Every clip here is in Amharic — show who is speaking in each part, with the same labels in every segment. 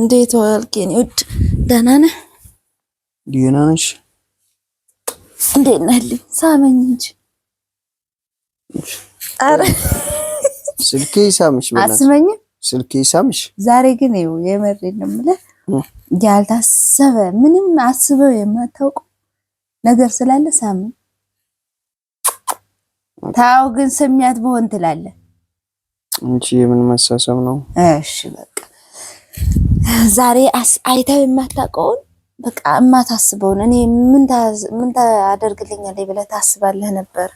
Speaker 1: እንዴት ዋልክ የኔ ውድ? ደህና ነህ? ደህና ነሽ? እንዴት ነህ? ሳመኝ እንጂ ኧረ
Speaker 2: ስልኬ ይሳምሽ፣ አስመኝ። ስልኬ ይሳምሽ።
Speaker 1: ዛሬ ግን ይኸው የመሬን ነው የምልህ፣ ያልታሰበ ምንም አስበው የማታውቀው ነገር ስላለ ሳምን። ታው ግን ስሚያት በሆን ትላለህ
Speaker 2: እንጂ የምን መሳሰብ ነው?
Speaker 1: እሺ በቃ ዛሬ አይተው የማታውቀውን በቃ የማታስበውን እኔ ምን ታደርግልኛለች ብለህ ታስባለህ ነበር።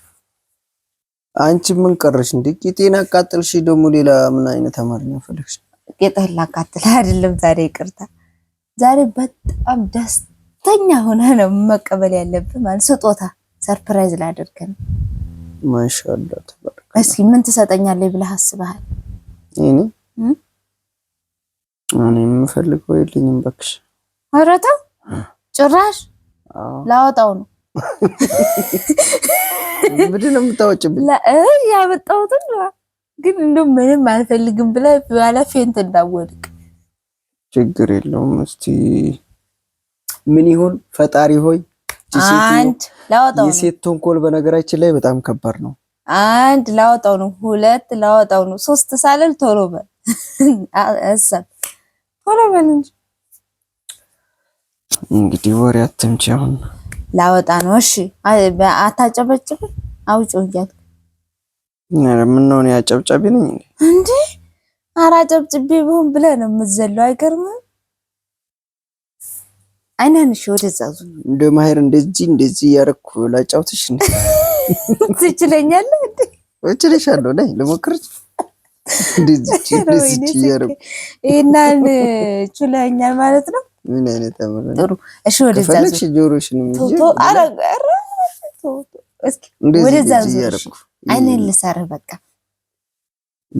Speaker 2: አንቺ ምን ቀረሽ እንዴ? ቂጤን አቃጥልሽ። ደግሞ ሌላ ምን አይነት አማርኛ ፈለግሽ?
Speaker 1: ቂጤን ላቃጥል አይደለም ዛሬ ይቅርታ። ዛሬ በጣም ደስተኛ ሆነ ነው መቀበል ያለብን። ማለት ስጦታ ሰርፕራይዝ ላደርግ ነው።
Speaker 2: ማሻአላ ተባረክ።
Speaker 1: እስኪ ምን ትሰጠኛለች ብለህ አስበሃል?
Speaker 2: እኔ እኔ የምፈልገው የለኝም እባክሽ።
Speaker 1: ኧረ ተው ጭራሽ ላወጣው ነው።
Speaker 2: ምንድን ነው የምታወጭብኝ?
Speaker 1: ያመጣሁትን ግን እንደው ምንም አልፈልግም ብለህ በኋላ ፌንት እንዳወድቅ
Speaker 2: ችግር የለውም። እስቲ ምን ይሁን ፈጣሪ ሆይ አንድ ላወጣው ነው። የሴት ተንኮል በነገራችን ላይ በጣም ከባድ ነው።
Speaker 1: አንድ ላወጣው ነው፣ ሁለት ላወጣው ነው፣ ሶስት ሳልል ቶሎ በል አሰብ ኧረ በል እንጂ
Speaker 2: እንግዲህ ወሬ አትምጪ። አሁን
Speaker 1: ላወጣ ነው። እሺ አታጨበጭብ፣ አጨብጫቢ ነኝ እንዴ? ብለህ ነው የምትዘለው። አይገርምም? ወደዛ
Speaker 2: እንደ ማሄር እንደዚህ እንደዚህ እያደረኩ ላጫውትሽ።
Speaker 1: ትችለኛለህ?
Speaker 2: ላይ ልሞክርሽ
Speaker 1: ይህናን ችለኛል ማለት ነው። ምን አይነት ጥሩ። እሺ ወደዛ ወደዛ በቃ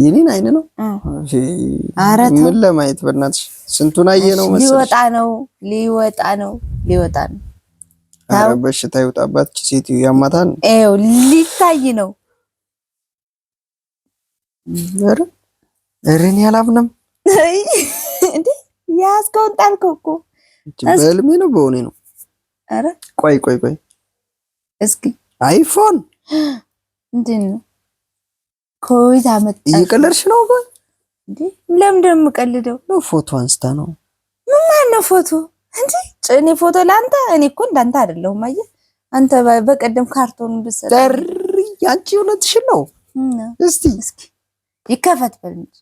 Speaker 2: የኔን አይን ነው። ምን ለማየት በእናትሽ ስንቱን አየ ነው መሰለሽ።
Speaker 1: ሊወጣ ነው ሊወጣ ነው ሊወጣ ነው።
Speaker 2: በሽታ ይውጣባት ሴትዮ ያማታን
Speaker 1: ው ሊታይ ነው
Speaker 2: ኧረ እኔ አላምንም።
Speaker 1: እንዴ ያዝከውን ጣልከው እኮ።
Speaker 2: በህልሜ ነው በሆኔ ነው? ኧረ ቆይ ቆይ ቆይ እስኪ አይፎን
Speaker 1: ምንድን ነው? ከወይት አመጣ።
Speaker 2: እየቀለድሽ ነው? ቆይ
Speaker 1: እንዴ ለምንድን ነው የምቀልደው?
Speaker 2: ነው ፎቶ አንስታ ነው።
Speaker 1: ምን ማለት ነው ፎቶ? እንዴ እኔ ፎቶ ለአንተ እኔ እኮ እንዳንተ አይደለሁም። አየህ አንተ በቀደም ካርቶን ብሰጥ
Speaker 2: አንቺ እውነትሽን ነው። እስቲ እስኪ
Speaker 1: ይከፈት በል እንጂ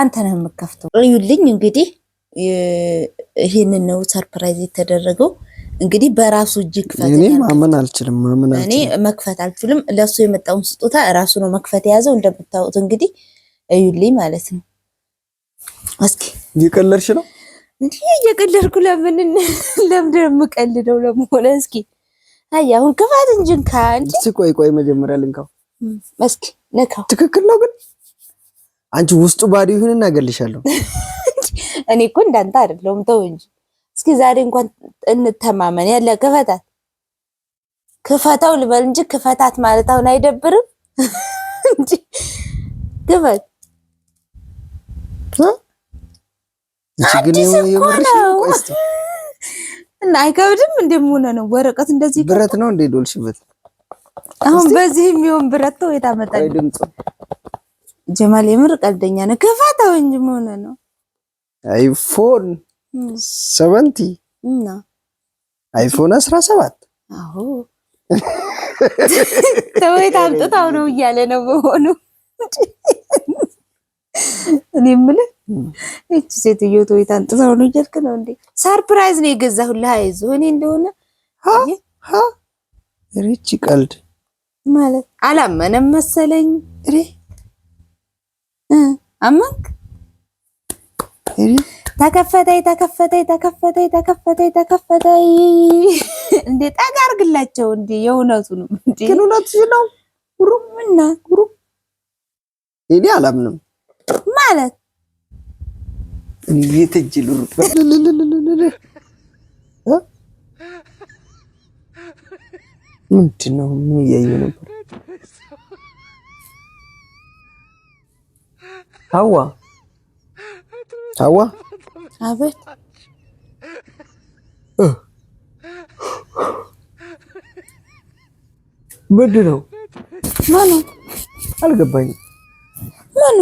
Speaker 1: አንተ ነው የምከፍተው። እዩልኝ እንግዲህ ይህንን ነው ሰርፕራይዝ የተደረገው። እንግዲህ በራሱ እጅ ክፈት።
Speaker 2: እኔ ማመን አልችልም፣ ማመን እኔ
Speaker 1: መክፈት አልችልም። ለሱ የመጣውን ስጦታ ራሱ ነው መክፈት የያዘው። እንደምታወጡት እንግዲህ እዩልኝ ማለት ነው። እስኪ
Speaker 2: እየቀለድሽ ነው
Speaker 1: እንዲህ እየቀለድኩ ለምን ለምን የምቀልደው ለመሆነ። እስኪ አይ አሁን ክፋት እንጂ እንካ
Speaker 2: እንጂ። ቆይ ቆይ፣ መጀመሪያ ልንካው።
Speaker 1: እስኪ ነካው።
Speaker 2: ትክክል ነው ግን አንቺ ውስጡ ባዶ ይሁን እናገልሻለሁ።
Speaker 1: እኔ እኮ እንዳንተ አይደለሁም። ተው እንጂ እስኪ ዛሬ እንኳን እንተማመን። ያለ ክፈታት ክፈታው ልበል እንጂ ክፈታት ማለት አሁን አይደብርም እንጂ ክፈት እና አይከብድም። ሆነ ነው ወረቀት እንደዚህ
Speaker 2: ብረት ነው እንደ ዶልሽበት
Speaker 1: አሁን በዚህ የሚሆን ብረት ነው የታመጣ ጀማል የምር ቀልደኛ ነው። ከፋታው እንጂ መሆነ ነው።
Speaker 2: አይፎን ሰቨንቲ እና አይፎን አስራ ሰባት
Speaker 1: አዎ ተወይት አምጥታው ነው እያለ ነው በሆኑ እኔ የምልህ እቺ ሴትዮ ተወይት አምጥታው ነው እያልክ ነው እንዴ? ሰርፕራይዝ ነው የገዛሁልህ። አይዞ እኔ እንደሆነ
Speaker 2: ሪቺ ቀልድ
Speaker 1: ማለት አላመነም መሰለኝ ሬ አመንክ። ተከፈተይ ተከፈተይ ተከፈተይ ተከፈተይ ተከፈተይ። እንዴ ጠጋ አድርግላቸው። እንዴ የእውነቱንም እንዴ
Speaker 2: ግን እውነቱ ነው።
Speaker 1: ጉሩም እና ጉሩም እኔ አላምንም ማለት
Speaker 2: እንዴት እጅ ልሩጥ ምንድን ነው? ምን እያየሁ ነበር? ሀዋ ሀዋ አቤት ምንድን ነው ማለት አልገባኝም። ምኑ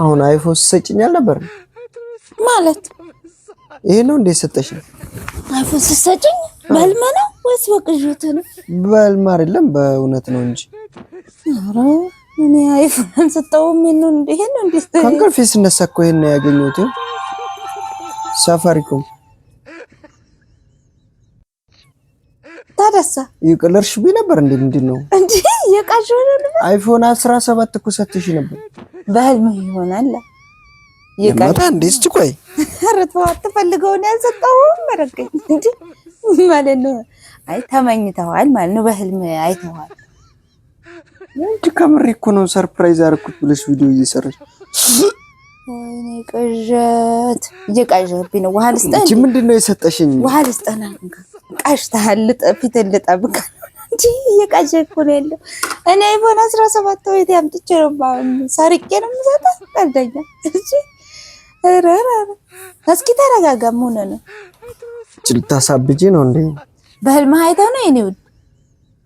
Speaker 2: አሁን አይፎን ስሰጭኝ አልነበር ማለት ይሄ ነው እንዴ? ሰጠሽ ነው
Speaker 1: አይፎን ስሰጭኝ በልመ ነው ወይስ በቅዥት ነው?
Speaker 2: በልማ አይደለም በእውነት ነው እንጂ
Speaker 1: እኔ አይፎን ስጠውም ይሄንን ይሄን እንዴት
Speaker 2: ከእንቅልፌ ስነሳ እኮ ይሄን ነው ያገኘሁት። ሳፋሪኮም ታደሳ ይቀለርሽ ቢ ነበር እንዴ? ምንድን ነው
Speaker 1: እንዴ የቃሽው ነው
Speaker 2: አይፎን 17 እኮ ሰጥሽ ነበር።
Speaker 1: በህልም ይሆናል
Speaker 2: ይቀጣ እንዴ? እስቲ ቆይ
Speaker 1: አረተው አትፈልገው ነው ያልሰጠውም መረቀኝ እንዴ ማለት ነው። አይ ተመኝተዋል ማለት ነው። በህልም አይተዋል
Speaker 2: እንጂ ከምሬ እኮ ነው። ሰርፕራይዝ አደረኩት ብለሽ ቪዲዮ እየሰራሽ
Speaker 1: ወይኔ፣ ቅዠት እየቃዠህብኝ ነው። ውሃ ልስጠህ? እንጂ
Speaker 2: ምንድን ነው የሰጠሽኝ?
Speaker 1: ውሃ ልስጠህ? ቃሽ ቃዥተሃል። ፊትህን ልጠብቅ እንጂ እየቃዠህ እኮ ነው ያለው። እኔ አይፎን አስራ ሰባት ወይቴ አምጥቼ ነው ሰርቄ ነው የምሰጠህ? ቀልደኛ እንጂ ረራ ኧረ እስኪ ተረጋጋ። ምን ሆነህ ነው?
Speaker 2: ልታሳብጂ ነው እንዴ?
Speaker 1: በህልምህ አይተህ ነው የኔ ውድ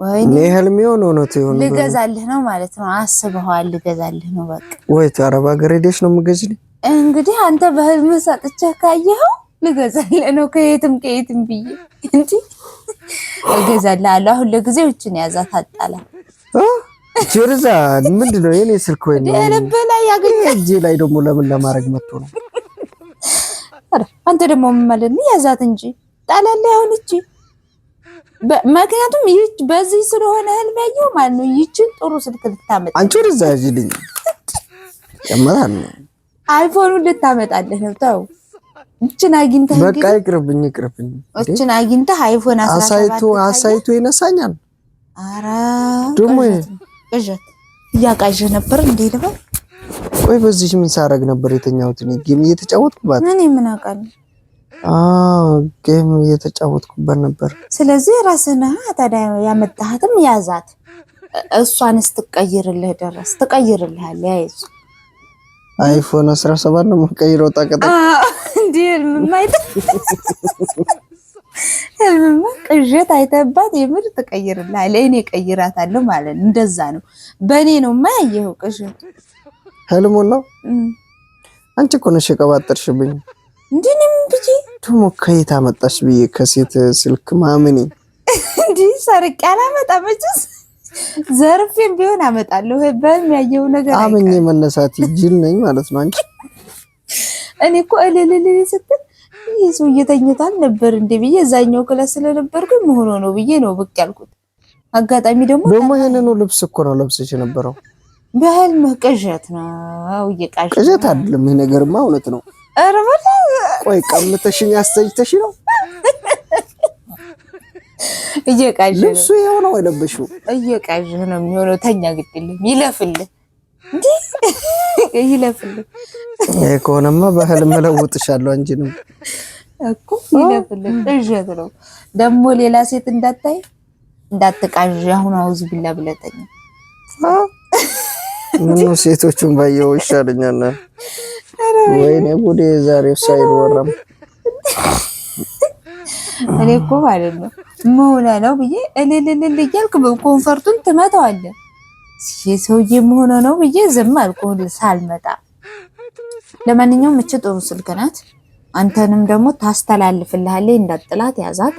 Speaker 2: ወይኔ ህልም የሆነ እውነት የሆነ
Speaker 1: ልገዛልህ ነው ማለት ነው። አስበዋል፣ ልገዛልህ ነው በቃ።
Speaker 2: ወይ አረብ ሀገር ሄደሽ ነው የምገዝልኝ?
Speaker 1: እንግዲህ አንተ በህልም ሰጥቼህ ካየኸው ልገዛልህ ነው ከየትም ከየትም ብዬ እንጂ እገዛልህ አሁን ለጊዜው እችን ያዛት አጣላ
Speaker 2: ችርዛ ምንድን ነው የኔ ስልክ ወይ ነው
Speaker 1: ልብ ላይ ያገኘ
Speaker 2: እጄ ላይ ደግሞ ለምን ለማድረግ መጥቶ ነው?
Speaker 1: አንተ ደግሞ ምን ማለት ነው? ያዛት እንጂ ጣላለ አሁን እቺ ምክንያቱም በዚህ ስለሆነ ህልመየው ማለት ነው ይችን ጥሩ ስልክ ልታመጣ
Speaker 2: አንቺ ወደዛ ልኝ ጨመራል
Speaker 1: አይፎኑን ልታመጣልህ ነው። ተው እችን አግኝተህ
Speaker 2: በቃ ይቅርብኝ፣ ይቅርብኝ።
Speaker 1: እችን አግኝተህ አይፎን
Speaker 2: አሳይቱ አሳይቱ ይነሳኛል። ኧረ ደሞ
Speaker 1: ቅዠት እያቃዠህ ነበር እንዴ ልበል?
Speaker 2: ቆይ በዚህ ምን ሳረግ ነበር የተኛሁት? ጌም እየተጫወትኩባት
Speaker 1: እኔ ምን አውቃለሁ
Speaker 2: ጌም እየተጫወትኩበት ነበር።
Speaker 1: ስለዚህ ራስህን ታዲያ ያመጣሃትም ያዛት። እሷን ስትቀይርልህ ደረስ ትቀይርልሃል። ያይዙ
Speaker 2: አይፎን አስራ ሰባት ነው የምትቀይረው። ጣቀጠ
Speaker 1: እንዲህ ህልምማ ህልምማ ቅዠት አይተባት የምር ትቀይርልሃለች። እኔ ቀይራታለሁ ማለት ነው። እንደዛ ነው። በእኔ ነው ማያየኸው ቅዠቱ
Speaker 2: ህልሙን ነው። አንቺ እኮ ነሽ የቀባጠርሽብኝ
Speaker 1: እንዲንም ብዬ
Speaker 2: ደግሞ ከየት አመጣሽ ብዬ ከሴት ስልክ ማመኔ
Speaker 1: እንዲህ ሰርቄ አላመጣም። መቼስ ዘርፌም ቢሆን አመጣለሁ። ያየው ነገር
Speaker 2: አመኜ መነሳት ጅል ነኝ ማለት ነው። አንቺ
Speaker 1: እኔ እኮ እልልልል ስትል ይህ ሰው እየተኝታል ነበር እንዴ ብዬ እዛኛው ክላስ ስለነበርኩኝ መሆኑ ነው ብዬ ነው ብቅ ያልኩት። አጋጣሚ ደግሞ
Speaker 2: ደግሞ ይህንኑ ልብስ እኮ ነው ለብሰሽ የነበረው።
Speaker 1: በህልምህ ቅዠት ነው። እየቃዠት
Speaker 2: አይደለም። ይህ ነገርማ እውነት ነው። ኧረ በለው ቆይ ቀምተሽኝ አስተኝተሽ ነው እየቃዥህ ነው ልብሱ ይኸው ነው የለበሽው
Speaker 1: ነው የሚሆነው ተኛ ግድ ይለፍልህ ይለፍልህ
Speaker 2: ይሄ ከሆነማ በህልም እለውጥሻለሁ አንቺንም
Speaker 1: እኮ ይለፍልህ እዠት ነው ደግሞ ሌላ ሴት እንዳታይ እንዳትቃዥ አሁን አውዝ ቢላ ብለህ
Speaker 2: ምነው ሴቶቹን ባየው ይሻለኛል ወይኔ ጉዴ! ዛሬ አይወራም።
Speaker 1: እኔ እኮ ማለት ነው መሆነ ነው ብዬ እልልልል እያልክ ኮንፈርቱን ትመታዋለህ። የሰውዬ መሆነ ነው ብዬ ዝም አልኩ ሳልመጣ። ለማንኛውም እች ጥሩ ስልክ ናት። አንተንም ደግሞ ታስተላልፍልሃለች። እንዳጥላት ያዛት።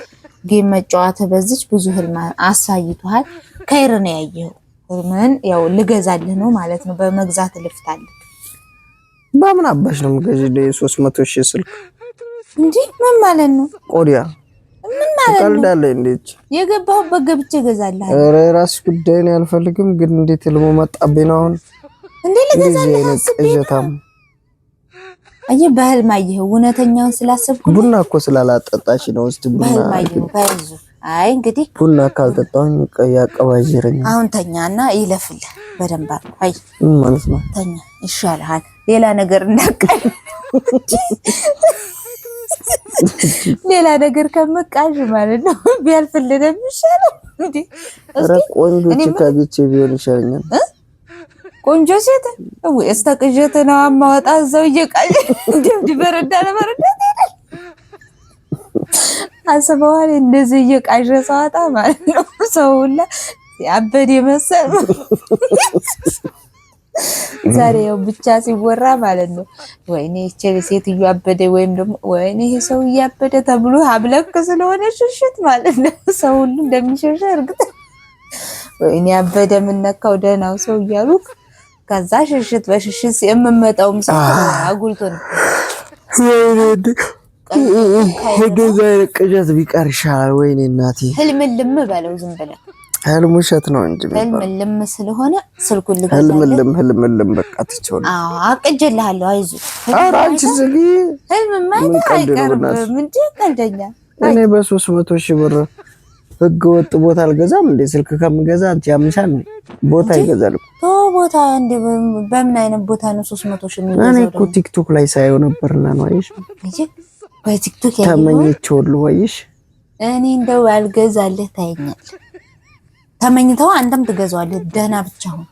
Speaker 1: ጌም መጫወት በዚች ብዙ ህልም አሳይቷል። ከይር ነው ያየኸው። ምን ያው ልገዛልህ ነው ማለት ነው። በመግዛት ልፍታለህ
Speaker 2: በምን አባሽ ነው ገዢ የሶስት መቶ ሺህ ስልክ
Speaker 1: እንዴ? ምን ማለት ነው? ቆዲያ ምን ማለት ነው? ቀልዳለህ እንዴ? የገባሁበት ገብቼ እገዛለሁ።
Speaker 2: ኧረ የራስ ጉዳይ ነው ያልፈልግም። ግን እንዴት ልሞ መጣብኝ ነው አሁን
Speaker 1: እንዴ? ልገዛለህ
Speaker 2: አስቤ ነው።
Speaker 1: አየህ በህልም አየህ። እውነተኛውን ስላሰብኩ
Speaker 2: ቡና እኮ ስላላጠጣሽ ነው። እስቲ ቡና አይ እንግዲህ ቡና ካልጠጣሁኝ ቀያ ያቀባዥረኛል።
Speaker 1: አሁን ተኛና ይለፍል በደንብ አድርጎ አይ ማለት ነው ተኛ ይሻልሃል። ሌላ ነገር እንዳቃይ ሌላ ነገር ከመቃዥ ማለት ነው ቢያልፍልን የሚሻለው እንዴ።
Speaker 2: ቆንጆ ካግቼ ቢሆን ይሻለኛል።
Speaker 1: ቆንጆ ሴት ወይ እስተቅዠት ነው አማወጣ እዛው እየቃዥ ድብድበረዳ ለበረዳ አስበዋል። እንደዚህ እየቃዥ ሰዋጣ ማለት ነው። ሰው ሁላ የመሰል ዛሬ ያው ብቻ ሲወራ ማለት ነው። ወይኔ ይቼ ሴትዮ አበደ ወይም ደግሞ ወይኔ ይሄ ሰው እያበደ ተብሎ አብለክ ስለሆነ ሽሽት ማለት ነው። ሰው ሁሉ እንደሚሸሸ እርግጥ ወይኔ አበደ የምነካው ደህናው ሰው እያሉ ከዛ ሽሽት በሽሽት የምመጣውም ሰው አጉልቶ ነው።
Speaker 2: እንደዛ አይነት ቅዠት ቢቀር ይሻላል። ወይኔ እናቴ
Speaker 1: ህልምልም በለው ዝም ብለህ
Speaker 2: ህልም ውሸት ነው እንጂ
Speaker 1: ህልምልም ስለሆነ ስልኩን
Speaker 2: ልገዛ ህልምልም ህልምልም በቃ ትቼው
Speaker 1: ነው። አዎ አቅጀልሃለሁ፣ አይዞህ።
Speaker 2: ኧረ አንቺ ዝጊ፣
Speaker 1: ህልምማ አይቀርም እንጂ ቀልደኛ።
Speaker 2: እኔ በሶስት መቶ ሺህ ብር ህገ ወጥ ቦታ አልገዛም እንዴ? ስልክ ከምገዛ አንቺ ያምሻል። ቦታ ይገዛል እኮ
Speaker 1: ቦታ እንዴ? በምን አይነት ቦታ ነው ሶስት ሺህ
Speaker 2: የሚገዛው? እኔ እኮ ቲክቶክ ላይ ሳየው ነበርና ነው። አይሽ በቲክቶክ ተመኝቼው ሁሉ ወይሽ
Speaker 1: እኔ እንደው አልገዛልህ ታይኛል። ተመኝተው አንተም ትገዛዋለህ። ደህና ብቻ ሁን፣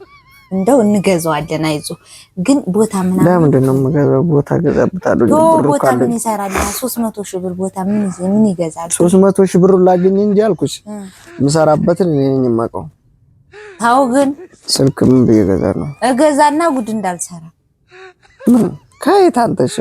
Speaker 1: እንደው እንገዛዋለን። አይዞ ግን ቦታ ምን
Speaker 2: ለምንድን ነው የምገዛው? ቦታ ገዛብታለሁ።
Speaker 1: ቦታ ምን ይሰራል? ሶስት መቶ ሺህ ብር ቦታ ምን ይገዛል?
Speaker 2: ሶስት መቶ ሺህ ብሩን ላግኝ እንጂ አልኩሽ። የምሰራበትን እኔ ነኝ የማውቀው። ታው ግን ስልክ ምን ብዬ እገዛለሁ?
Speaker 1: እገዛና ጉድ እንዳልሰራ
Speaker 2: ከየት አንተሽ